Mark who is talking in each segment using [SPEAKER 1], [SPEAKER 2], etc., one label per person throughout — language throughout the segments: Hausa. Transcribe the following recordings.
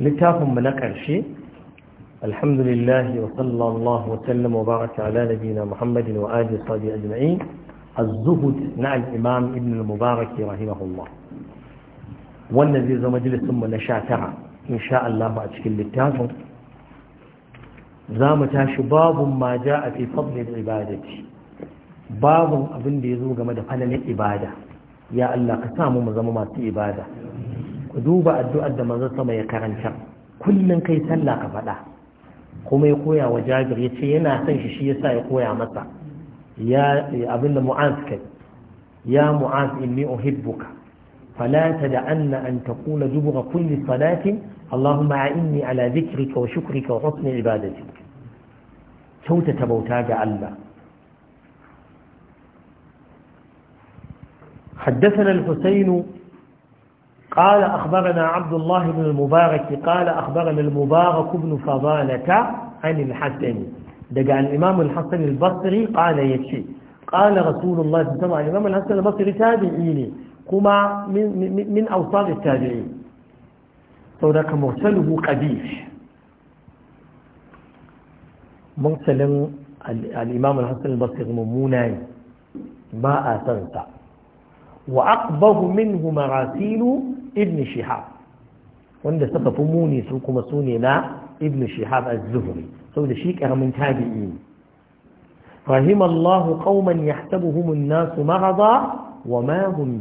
[SPEAKER 1] littafinmu na ƙarshe alhamdulillahi wa sallallahu wa sallam wa baraka ala nabina muhammadin wa aji sabi az-zuhud na al-imam ibn al-mubarak rahimahullah wannan zai zama mu na sha tara insha Allah a cikin littafin za mu tashi babun ma a fi fadlin ibadati babun abin da ya zo game da falalar ibada ya Allah ka samu mu zama masu ibada Ka duba addu'ar da manzon sama ya karanta kullum kai sallah ka faɗa kuma ya koya wa jabir ya ce yana son shi shi yasa ya koya masa ya abin da mu'az kai ya mu'az inni uhibbuka fala tad'anna an taqula dubra kulli salatin allahumma a'inni ala dhikrika wa shukrika wa husni ibadatik kyauta ta bauta ga Allah حدثنا الحسين قال أخبرنا عبد الله بن المبارك قال أخبرنا المبارك بن فضالة عن الحسن دقى الإمام الحسن البصري قال يشي قال رسول الله صلى الله عليه وسلم الإمام الحسن البصري تابعيني كما من, من, من أوصال التابعين فذاك مرسله قديش مرسل الإمام الحسن البصري مموناي ما آثرت وأقبض منه مراسيل ibn shihab wanda suka fi muni su kuma su ne na ibn shihab az-zuhri saboda shi karamin tabi'i ne rahim Allah qauman yahsabuhum an-nas maghada wa ma hum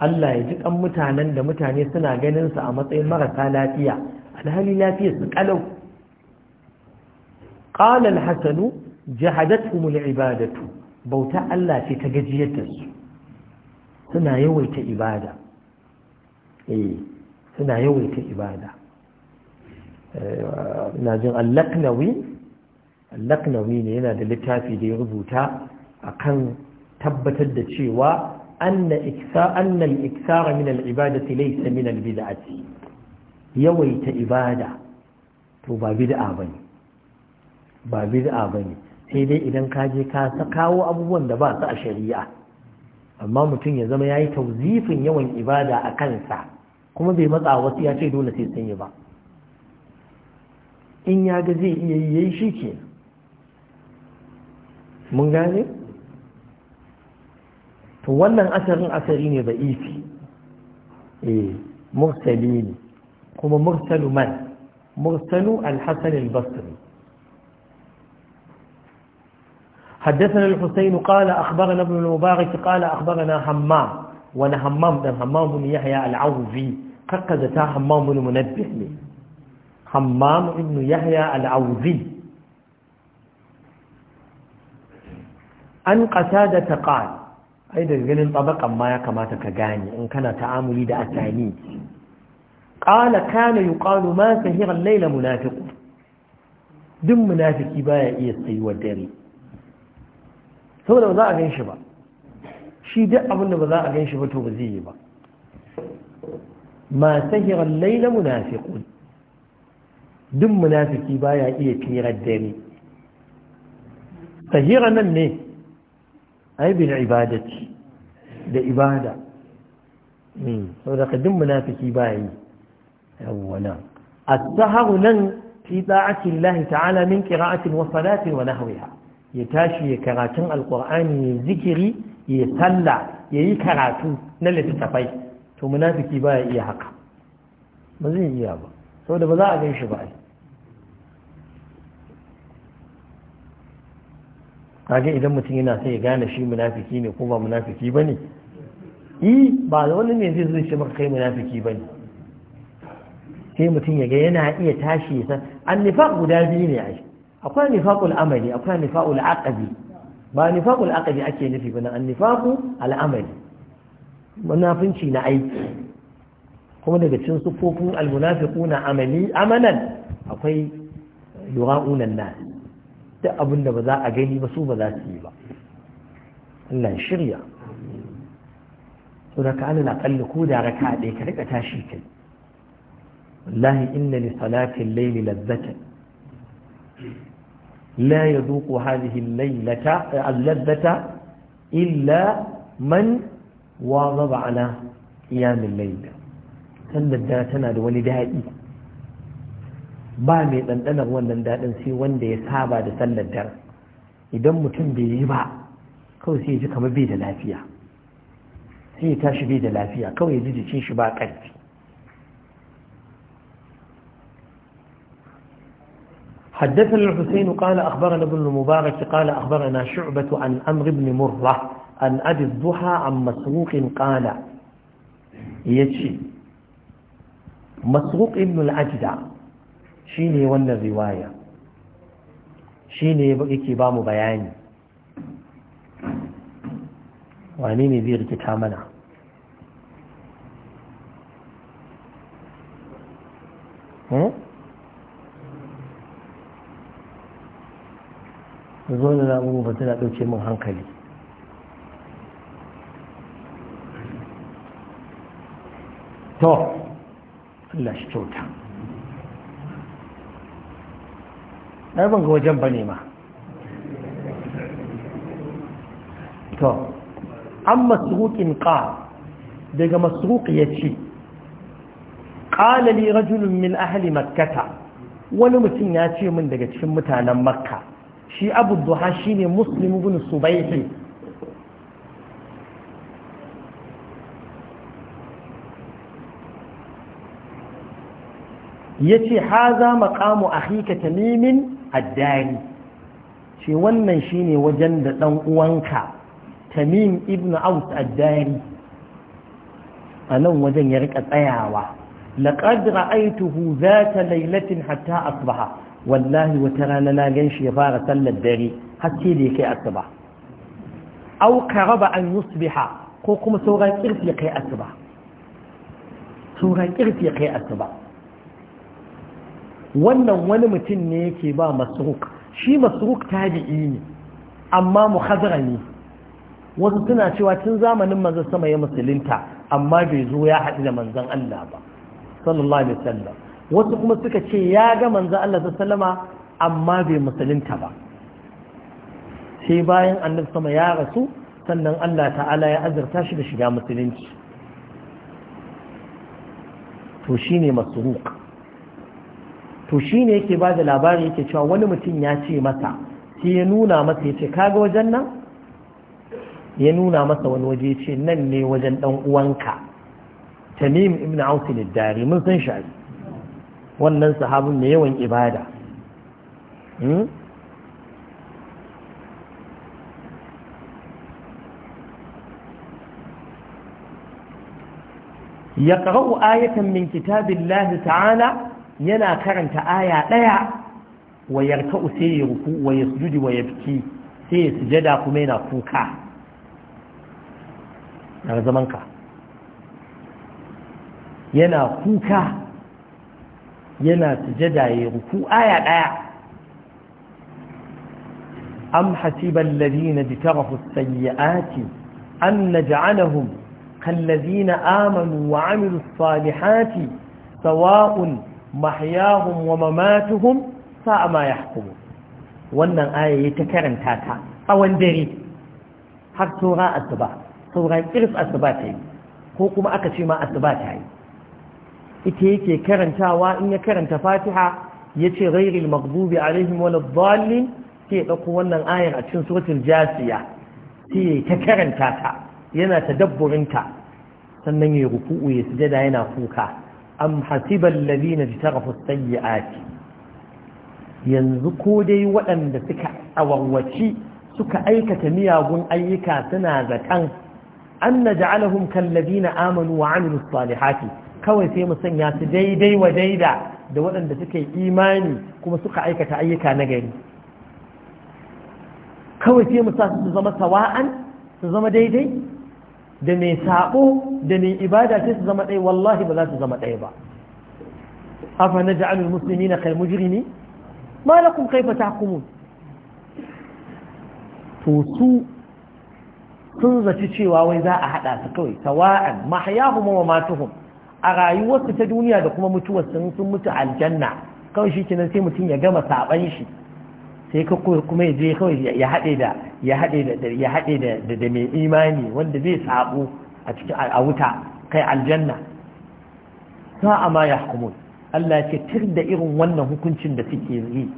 [SPEAKER 1] Allah ya ji kan mutanen da mutane suna ganin su a matsayin marasa lafiya alhali lafiya su kalau qala al-hasan jahadatuhum al-ibadatu bauta Allah ce ta gajiyar su suna yawaita ibada eh suna yawaita ibada eh, ina jin allaknawi allaknawi ne yana da littafi da ya rubuta akan tabbatar da cewa anna iksa iksara min al laysa min al-bid'ati yawaita ibada to ba bid'a bane ba bid'a ne. sai dai idan ka je ka kawo abubuwan da ba su a shari'a amma mutum ya zama ya yi tauzifin yawan ibada a kansa kuma bai matsa wasu ya ce dole sai sun yi ba in ya ga zai iya yi yayi shi ke mun gane to wannan asarin asari ne da ifi eh mursali ne kuma mursalu man mursalu al-hasan al-basri حدثنا الحسين قال أخبرنا ابن المبارك قال أخبرنا حمام wani hammam ɗin hammamun ya haya al'awuzi kakka da ta hammamun munabbih ne hammam ibn yahya al'awuzi an ƙasa da ta ƙal ai da ganin tsabakan ma ya kamata ka gane in kana ta'amuli da asani ƙala kana yi ƙalu ma sahiran laila munafiku duk munafiki baya iya tsayuwar dare saboda ba za a gan shi ba shi duk abin da ba za a gan shi ba to ba zai yi ba ma sahirar laila munafiqun duk munafiki baya iya firar dare sahira nan ne ai bil ibadati da ibada hmm, saboda ka duk munafiki baya yi yawwana as-saharu nan fi da'ati Allah ta'ala min qira'atin wa salatin wa nahwiha ya tashi ya karatun alqur'ani zikiri ya sallah ya yi karatu na littattafai to munafiki ba ya iya haka ba zai iya ba saboda ba za a gan shi ba kage idan mutum yana sai ya gane shi munafiki ne ko ba munafiki ba ne yi ba da wani ne zai zuci maka kai munafiki ba ne sai mutum ya ga yana iya tashi ya san an nifa guda biyu ne shi akwai nifaqul ul'amari akwai nifaqul aqabi ba nifaqul aqdi ake nufi ba na nifaqu al'amali munafinci na aiki kuma daga cikin sufofin almunafiquna amali amalan akwai yura'una nas duk abin da ba za a gani ba su ba za su yi ba Allah shirya saboda ka alal aqall ko da raka ɗaya ka rika tashi kai wallahi inna li salati al-layli la yazuqu hadhihi al-laylata al-ladhata illa man wazaba ala qiyam al-layl da tana da wani daɗi ba mai ɗanɗanar wannan daɗin sai wanda ya saba da sallar dare idan mutum bai yi ba kawai sai ya ji kamar bai da lafiya sai ya tashi bai da lafiya kawai ya ji jikin shi ba ƙarfi حدثنا الحسين قال أخبرنا ابن المبارك قال أخبرنا شعبة عن أمر بن مرة عن أبي الضحى عن مسروق قال يتشي مسروق ابن العجدع شيني ون الرواية شيني يكي بام بياني وعنيني ذي ركتامنا هم؟ da na da ba tana ɗauke mun hankali to Allah shi kyauta ga wajen ba to an masruƙin ƙa daga masruƙi ya ce ƙalali rajulun min ahali makkata wani mutum ya ce min daga cikin mutanen makka shi abu duha shi ne muslim ibn subaihi ya ce haza maƙamu a hika tamimin addari. ce wannan shi ne wajen da ɗan uwanka tamim ibn aus Addari. a nan wajen ya rika tsayawa laƙad ra'aituhu za ta lailatin hatta asbaha wallahi wata rana na gan shi ya fara sallar dare har sai da ya kai asuba au karaba an yusbiha ko kuma sauran kirfi kai asuba sauran kirfi kai asuba wannan wani mutum ne yake ba masruk shi masruk tabi'i ne amma muhazara ne wasu suna cewa tun zamanin manzon sama ya musulunta amma bai zo ya haɗu da manzon Allah ba sallallahu alaihi wasallam wasu kuma suka ce ya ga manzo Allah sallama amma bai musulunta ba sai bayan annabi sama ya rasu sannan Allah ta'ala ya azurta shi da shiga musulunci to shine masruq to shine yake ba da labari yake cewa wani mutum ya ce masa sai ya nuna masa yace kaga wajen nan ya nuna masa wani waje yace nan ne wajen dan uwanka Tamim ibn Aus al mun san shi wannan sahabin mai yawan ibada hmm? ya ƙarau ayatan min kitabin ta'ala yana karanta aya ɗaya wa yarka sai ya ruku wa ya sujudi wa ya sai ya sujada kuma yana kuka na zamanka yana kuka yana sujada ya ruku aya ɗaya am hasiban ladina jitarafu sayyi'ati an naj'alahum كالذين آمنوا وعملوا الصالحات سواء محياهم ومماتهم ma ya يحكمون wannan aya ta karanta ta tsawon dare har tsora asuba tsora kirs asuba ta yi ko kuma aka ce ma asuba ta yi ita yake karantawa in ya karanta fatiha ya ce ghairil maghdubi alaihim wal dhalin sai dauko wannan ayar a cikin suratul jasiya sai ta karanta ta yana tadabburinta sannan ya ruku'u ya sujada yana kuka am hasibal ladina jitarafu sayyi'ati yanzu ko dai waɗanda suka awarwaci suka aikata miyagun ayyuka suna zakan an naj'alahum kal ladina amanu wa amilus salihati kawai sai mu sanya su daidai wa daida da waɗanda suka yi imani kuma suka aikata ayyuka na gari kawai sai mu sa su zama sawa'an su zama daidai da mai sabo da mai ibada sai su zama ɗaya wallahi ba za su zama ɗaya ba afa na ja'alul musulmi na kai mujirimi ma na kun kaifa ta kumu to su sun zaci cewa wai za a haɗa su kawai sawa'an mahayahu mawa matuhum a rayuwarsu ta duniya da kuma mutuwar sun sun mutu aljanna kawai shi kenan sai mutum ya gama saban shi sai ka kuma je kawai ya haɗe da ya haɗe da ya haɗe da da mai imani wanda zai sabo a cikin a wuta kai aljanna sa'a ma yahkumun Allah ce tir da irin wannan hukuncin da suke yi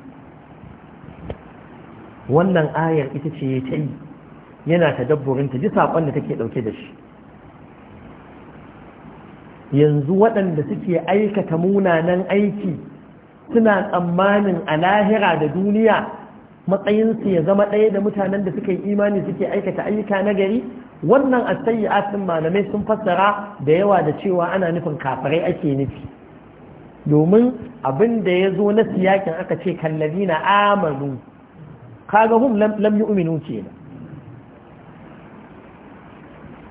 [SPEAKER 1] wannan ayar ita ce ta yi yana tadabburin ta ji saƙon da take ɗauke da shi yanzu waɗanda suke aikata munanan aiki suna tsammanin a lahira da duniya matsayinsu ya zama ɗaya da mutanen da suka yi imani suke aikata ayyuka na gari wannan asin malamai sun fassara da yawa da cewa ana nufin kafirai ake nufi domin abin da ya zo na siyakin aka ce kallabi na amanu kaga hum lam uminu kenan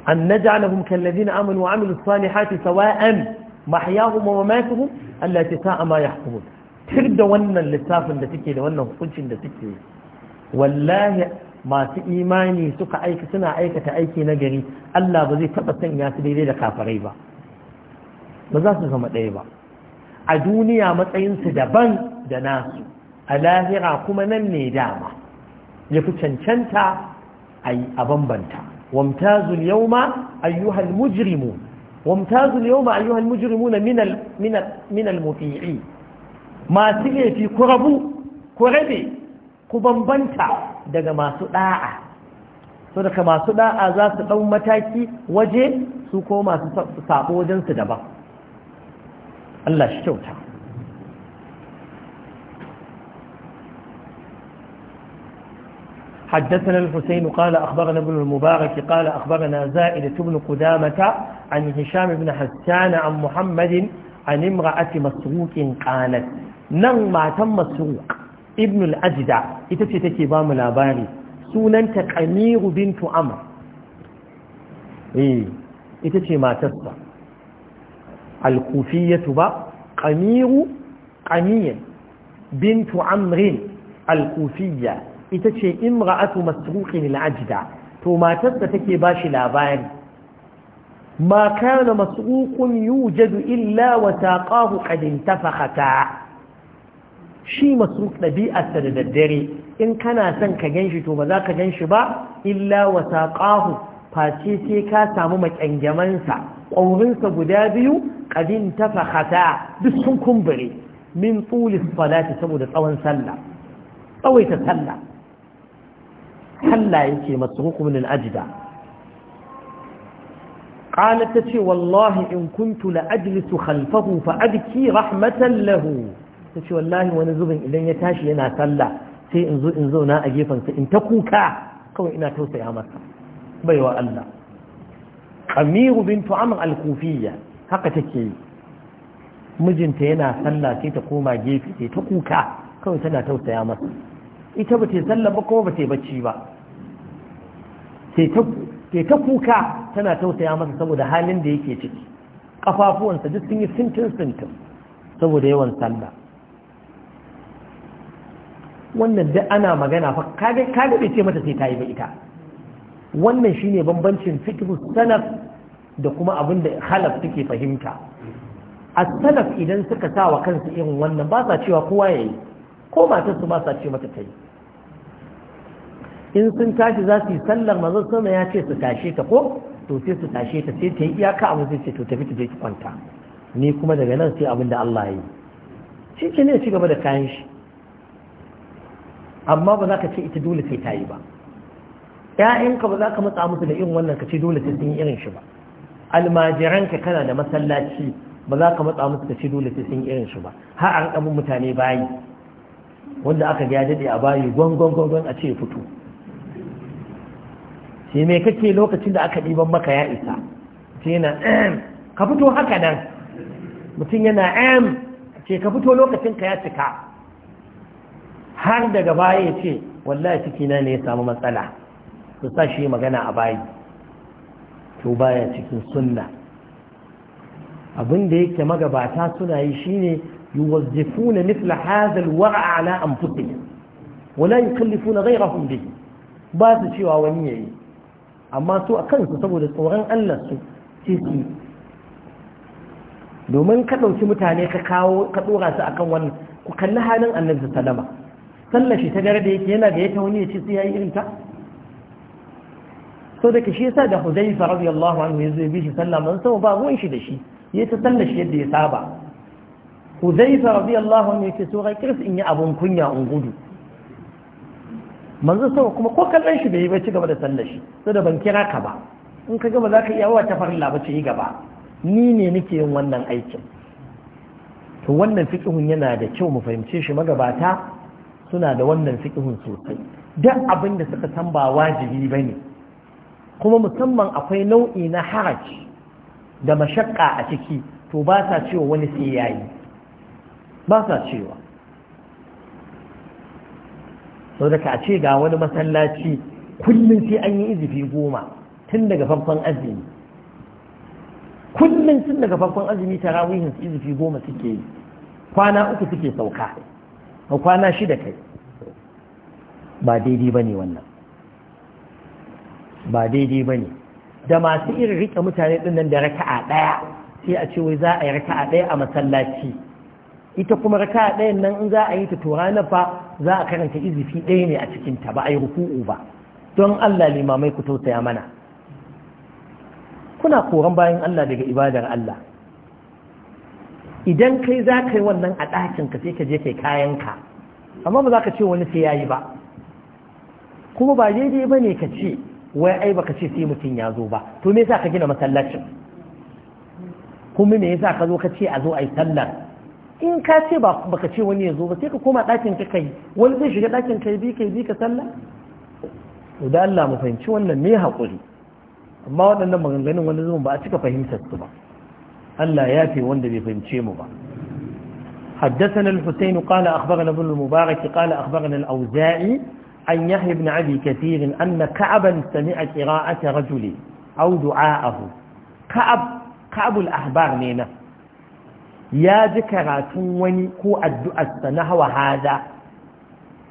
[SPEAKER 1] أن نجعلهم كالذين آمنوا وعملوا الصالحات سواء محياهم ومماتهم ألا تساء ما يحكمون ترد ونن للساف اللي تكي لونن خنش اللي تكي والله ما في إيماني سك أيك سنة أيك تأيك نجري ألا بزي تبتن يا سيدي لك فريبا بزاس زم ديبا أدوني يا متين سدبان دناس ألاهرا كما نن نيداما يفتشن شنتا أي أبنبنتا وامتاز اليوم أيها المجرمون وامتاز اليوم أيها المجرمون من, من, من المطيعين ما تلي في كربو كربي كبنبنتا daga masu da'a so daga masu da'a za su ɗau mataki waje su ko masu sabo wajensu daban Allah shi kyauta حدثنا الحسين قال أخبرنا ابن المبارك قال أخبرنا زائدة بن قدامة عن هشام بن حسان عن محمد عن امرأة مسروق قالت نن نعم، ما تم مسروق ابن الأجدع إتتي تكي بام لاباري سننت قمير بنت عمر إيه إتتي ما تسا الكوفية با قمير قمير بنت عمرو الكوفية ita ce In imra'atu masruqin al-ajda to matar da take bashi labari ma kana masruqun yujadu illa wa taqahu qad intafakhata shi masruq dabi'arsa da daddare in kana son ka ganshi to ba za ka ganshi ba illa wa taqahu face sai ka samu makyangamansa ƙaurinsa guda biyu ƙadin tafakata. duk sun kumbure min tsulis salati saboda tsawon sallah tsawaita sallah halaye ke masu hukumin ajida ƙana ta ce wallahi in kuntu la su khalfahu fa adki rahmatan lahu ta ce wallahi wani zubin idan ya tashi yana sallah sai in zo in a gefensa in ta kuka kawai ina tausaya masa bai wa Allah qamiru bintu amr al-kufiyya haka take mijinta yana sallah sai ta koma gefe sai ta kuka kawai tana tausaya masa ita ba ta salla ba kuma ba ta bacci ba sai ta kuka tana tausaya masa saboda halin da yake ciki kafafuwansa duk sun yi sintin sintin saboda yawan sallah wannan duk ana magana fa kaga kaga bai ce mata sai ta yi ba ita wannan shine bambancin fiqh sanaf da kuma abin da khalaf take fahimta as-salaf idan suka sa wa kansu irin wannan ba sa cewa kowa yayi ko matar su ba sa ce mata ta yi in sun tashi za su yi sallar manzon sama ya ce su tashe ta ko to sai su tashe ta sai ta yi iyaka abin sai ce to tafi ta je ki kwanta ni kuma daga nan sai abin da Allah ya yi shi ke ne ci gaba da kayan shi amma ba za ka ce ita dole sai ta yi ba ‘ya'yanka ba za ka matsa musu da irin wannan ka ce dole sai sun yi irin shi ba almajiranka kana da masallaci ba za ka matsa musu da ce dole sai sun yi irin shi ba har an ƙabin mutane bayi wanda aka ga ya daɗe a bayi gwangwan gwangwan a ce ya fito ce mai kake lokacin da aka ɗiban maka ya isa ce yana ka fito haka nan mutum yana am ce ka fito lokacin ka ya cika har daga baya ya ce wallahi cikina ne ya samu matsala su sa shi magana a bayi to baya cikin sunna abin da yake magabata suna yi shine yuwazzifuna mithla hadha alwara ala anfusihim wala yukallifuna ghayrahum bihi ba su cewa wani yayi amma su a kansu saboda tsoron Allah su ciki domin ka ɗauki mutane ka kawo ka ɗora su akan wannan ku kalli halin annabi sallama sallar shi ta gare da yake yana da ya wani ya ce sai yayi irin ta so da ke shi yasa da Hudayfa radiyallahu anhu ya zo bi shi sallah man sama ba ruwan shi da shi ya ta sallashi yadda ya saba Hudayfa radiyallahu anhu ya ce so ga kirs in yi abun kunya in gudu manzo sama kuma ko kallon shi bai yi ba ci gaba da sallar shi da ban kira ka ba in ka gaba za ka iya wata farilla ba ce yi gaba ni ne nake yin wannan aikin to wannan fikihun yana da kyau mu fahimce shi magabata suna da wannan fiƙihun sosai duk abin da suka san ba wajibi bane kuma musamman akwai nau'i na haraji da mashakka a ciki to ba sa cewa wani sai yayi ba sa cewa sau da ka ce ga wani masallaci kullum sai an yi izifi goma tun daga farkon azumi kullum tun daga farkon azumi ta rawihin su izifi goma suke yi kwana uku suke sauka a kwana shida kai ba daidai ba ne wannan ba daidai ba ne da masu irin rike mutane ɗin nan da raka'a ɗaya sai a ce wai za a yi raka'a ɗaya a masallaci ita kuma raka ɗayan nan in za a yi ta to ranar fa za a karanta izifi ɗaya ne a cikin ta ba a yi ruku'u ba don Allah limamai ku tausaya mana kuna koran bayan Allah daga ibadar Allah idan kai za ka yi wannan a ɗakin ka sai ka je kai kayan ka amma ba za ka ce wani sai yayi ba kuma ba daidai ba ne ka ce wai ai baka ce sai mutum ya zo ba to me yasa ka gina masallacin kuma me yasa ka zo ka ce a zo a yi sallar in ka ce ba baka ce wani ya zo ba sai ka koma ɗakin ka kai wani zai shiga ɗakin ka bi kai bi ka sallah to da Allah mu fahimci wannan ne haƙuri amma waɗannan maganganun wani zuwan ba a cika fahimtar su ba Allah ya fi wanda bai fahimce mu ba حدثنا الحسين قال أخبرنا ابن المبارك قال أخبرنا الأوزاعي عن يحيى بن أبي كثير أن كعبا سمع قراءة رجل أو دعاءه كعب كعب ne نينا ya ji karatun wani ko addu'arsa na hawa haza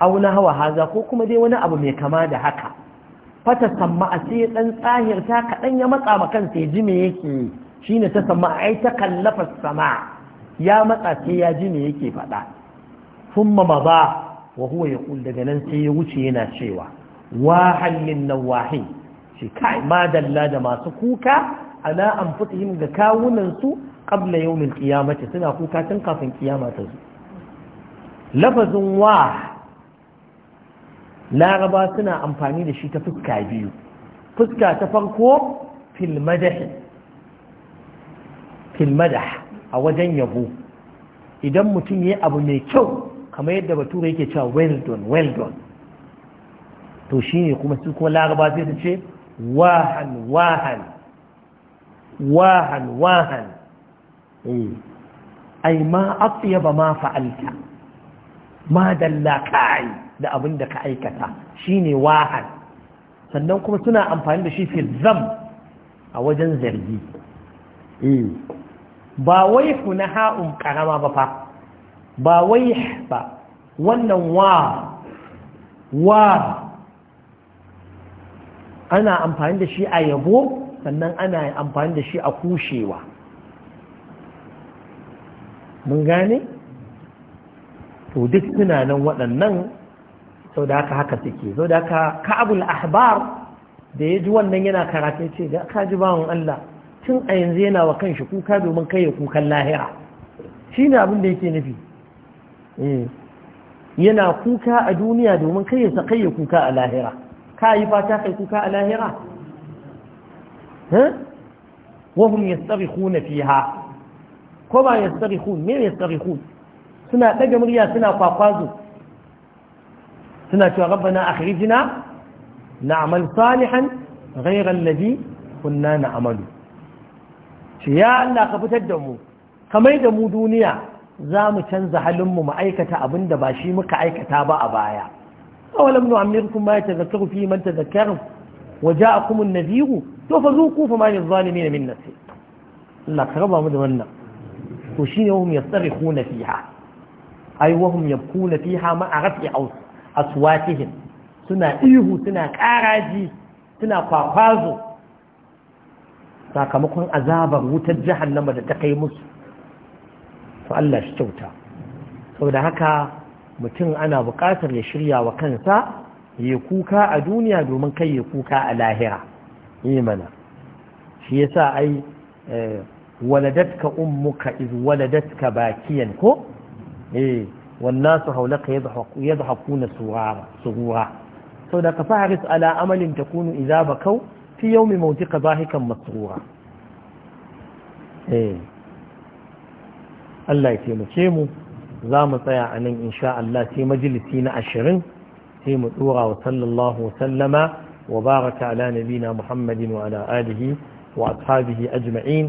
[SPEAKER 1] au na hawa haza ko kuma dai wani abu mai kama da haka fata samma a sai dan tsahirta kaɗan ya matsa ma kansa ya ji me yake shine ta samma ai ta kallafa sama ya matsa sai ya ji me yake faɗa thumma ba, wa huwa yaqul daga nan sai ya wuce yana cewa wa wahan lin nawahi shi kai madalla da masu kuka ala anfusihim ga kawunan su qabla yawmin qiyamati suna kuka tun kafin kiyama ta lafazin wa laraba suna amfani da shi ta fuska biyu fuska ta farko filmadah. a wajen yabo idan mutum ya abu mai kyau kamar yadda bature yake cewa well done well done to shine kuma su kuma laraba sai su ce wahan wahan wahan wahan ai ma ba ma fa'alta ma dalla kai da abin da ka aikata shine wahal sannan kuma suna amfani da shi fi zam a wajen zargi ba wai kuna ha'un karama ba fa ba wai ba wannan wa wa ana amfani da shi a yabo sannan ana amfani da shi a kushewa mun gane to duk suna nan waɗannan sau da haka haka suke sau da haka ka'abul ahbar da ya ji wannan yana karatun ce ga ka ji bawan Allah tun a yanzu yana wa kanshi kuka domin kai ya kukan lahira Shi ne abin da yake nufi eh, yana kuka a duniya domin kai ya kai ya kuka a lahira ka yi fata kai kuka a lahira wahum yastabikhuna fiha ko ba ya tsarihun me ya tsarihun suna ɗaga murya suna kwakwazo suna cewa rabbana na na'mal salihan ghayra alladhi kunna na'malu shi ya Allah ka fitar da mu kamar da mu duniya za mu canza halin mu aikata abin da ba shi muka aikata ba a baya awalam nu'ammirkum ma yatazakkaru fi man tazakkaru wa ja'akum an-nadhiru to fa zuqu fa ma liz-zalimin min nasir Allah ka raba mu da wannan to shine wahum kuna fiha ai wahum kuna fiha ma arafi aswatihim suna ihu suna karaji suna kwakwazo sakamakon azabar wutar jahannama da ta kai musu to Allah shi kyauta da haka mutum ana buƙatar ya shirya wa kansa ya kuka a duniya domin kai ya kuka a lahira imana, shi yasa ai eh, waladatka ummuka iz waladatka bakiyan ko eh والناس na يضحك يضحكون سرارا ka سودك فاحرص على أمل تكون إذا بكوا في يوم موتك ضاحكا مسرورا Eh Allah ya taimake mu za mu tsaya a nan insha Allah sai majalisi na ashirin sai mu tsora wa sallallahu wa sallama wa baraka ala nabina Muhammadin wa ala alihi wa ashabihi ajma'in